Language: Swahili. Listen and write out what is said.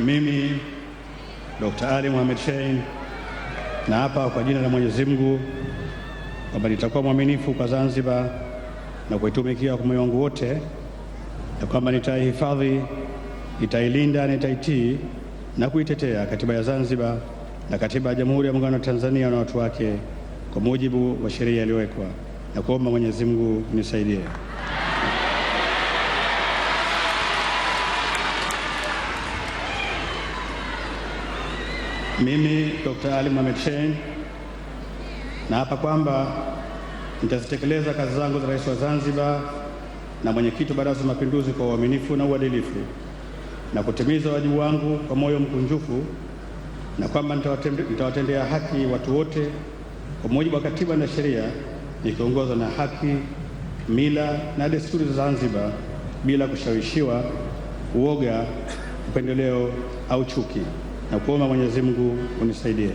Mimi Dr. Ali Mohamed Shein na hapa kwa jina la Mwenyezi Mungu kwamba nitakuwa mwaminifu kwa Zanzibar na kuitumikia kwa moyo wangu wote, na kwamba nitaihifadhi, nitailinda na nitaitii na kuitetea katiba ya Zanzibar na katiba ya Jamhuri ya Muungano wa Tanzania na watu wake kwa mujibu wa sheria iliyowekwa, na kuomba Mwenyezi Mungu nisaidie. Mimi Dr. Ali Mohamed Shein naapa kwamba nitazitekeleza kazi zangu za rais wa Zanzibar na mwenyekiti wa Baraza la Mapinduzi kwa uaminifu na uadilifu na kutimiza wajibu wangu kwa moyo mkunjufu, na kwamba nitawatendea haki watu wote kwa mujibu wa katiba na sheria, nikiongozwa na haki, mila na desturi za Zanzibar bila kushawishiwa, uoga, upendeleo au chuki na kuomba Mwenyezi Mungu unisaidie.